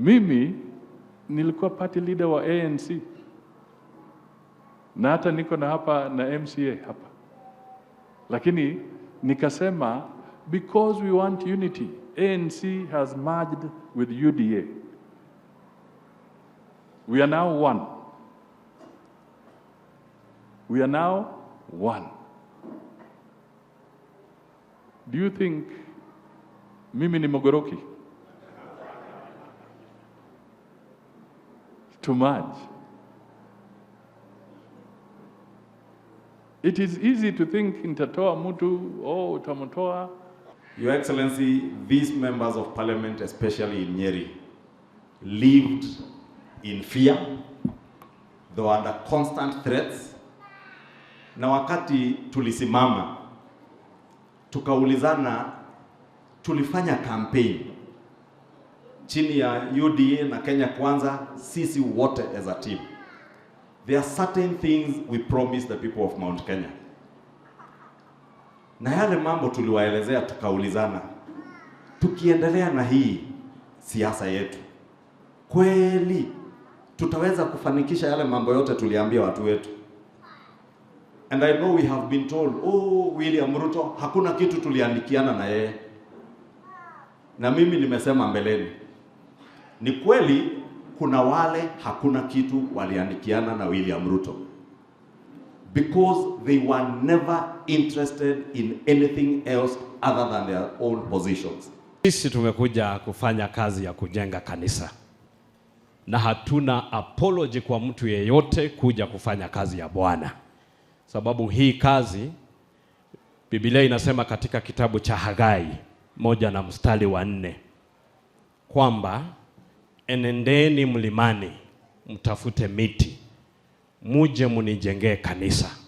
Mimi nilikuwa party leader wa ANC na hata niko na hapa na MCA hapa, lakini nikasema because we want unity, ANC has merged with UDA, we are now one, we are now one. Do you think mimi ni mogoroki? too much. It is easy to think nitatoa mtu oh, utamtoa. Your Excellency, these members of parliament especially in Nyeri lived in fear. They were under constant threats. Na wakati tulisimama tukaulizana, tulifanya campaign chini ya UDA na Kenya Kwanza, sisi wote as a team, there are certain things we promise the people of Mount Kenya, na yale mambo tuliwaelezea, tukaulizana, tukiendelea na hii siasa yetu kweli tutaweza kufanikisha yale mambo yote tuliambia watu wetu? And I know we have been told, oh, William Ruto hakuna kitu tuliandikiana na yeye, na mimi nimesema mbeleni ni kweli kuna wale hakuna kitu waliandikiana na William Ruto because they were never interested in anything else other than their own positions. Sisi tumekuja kufanya kazi ya kujenga kanisa na hatuna apology kwa mtu yeyote kuja kufanya kazi ya Bwana, sababu hii kazi Biblia inasema katika kitabu cha Hagai moja na mstari wa nne kwamba enendeni mlimani mtafute miti muje munijengee kanisa.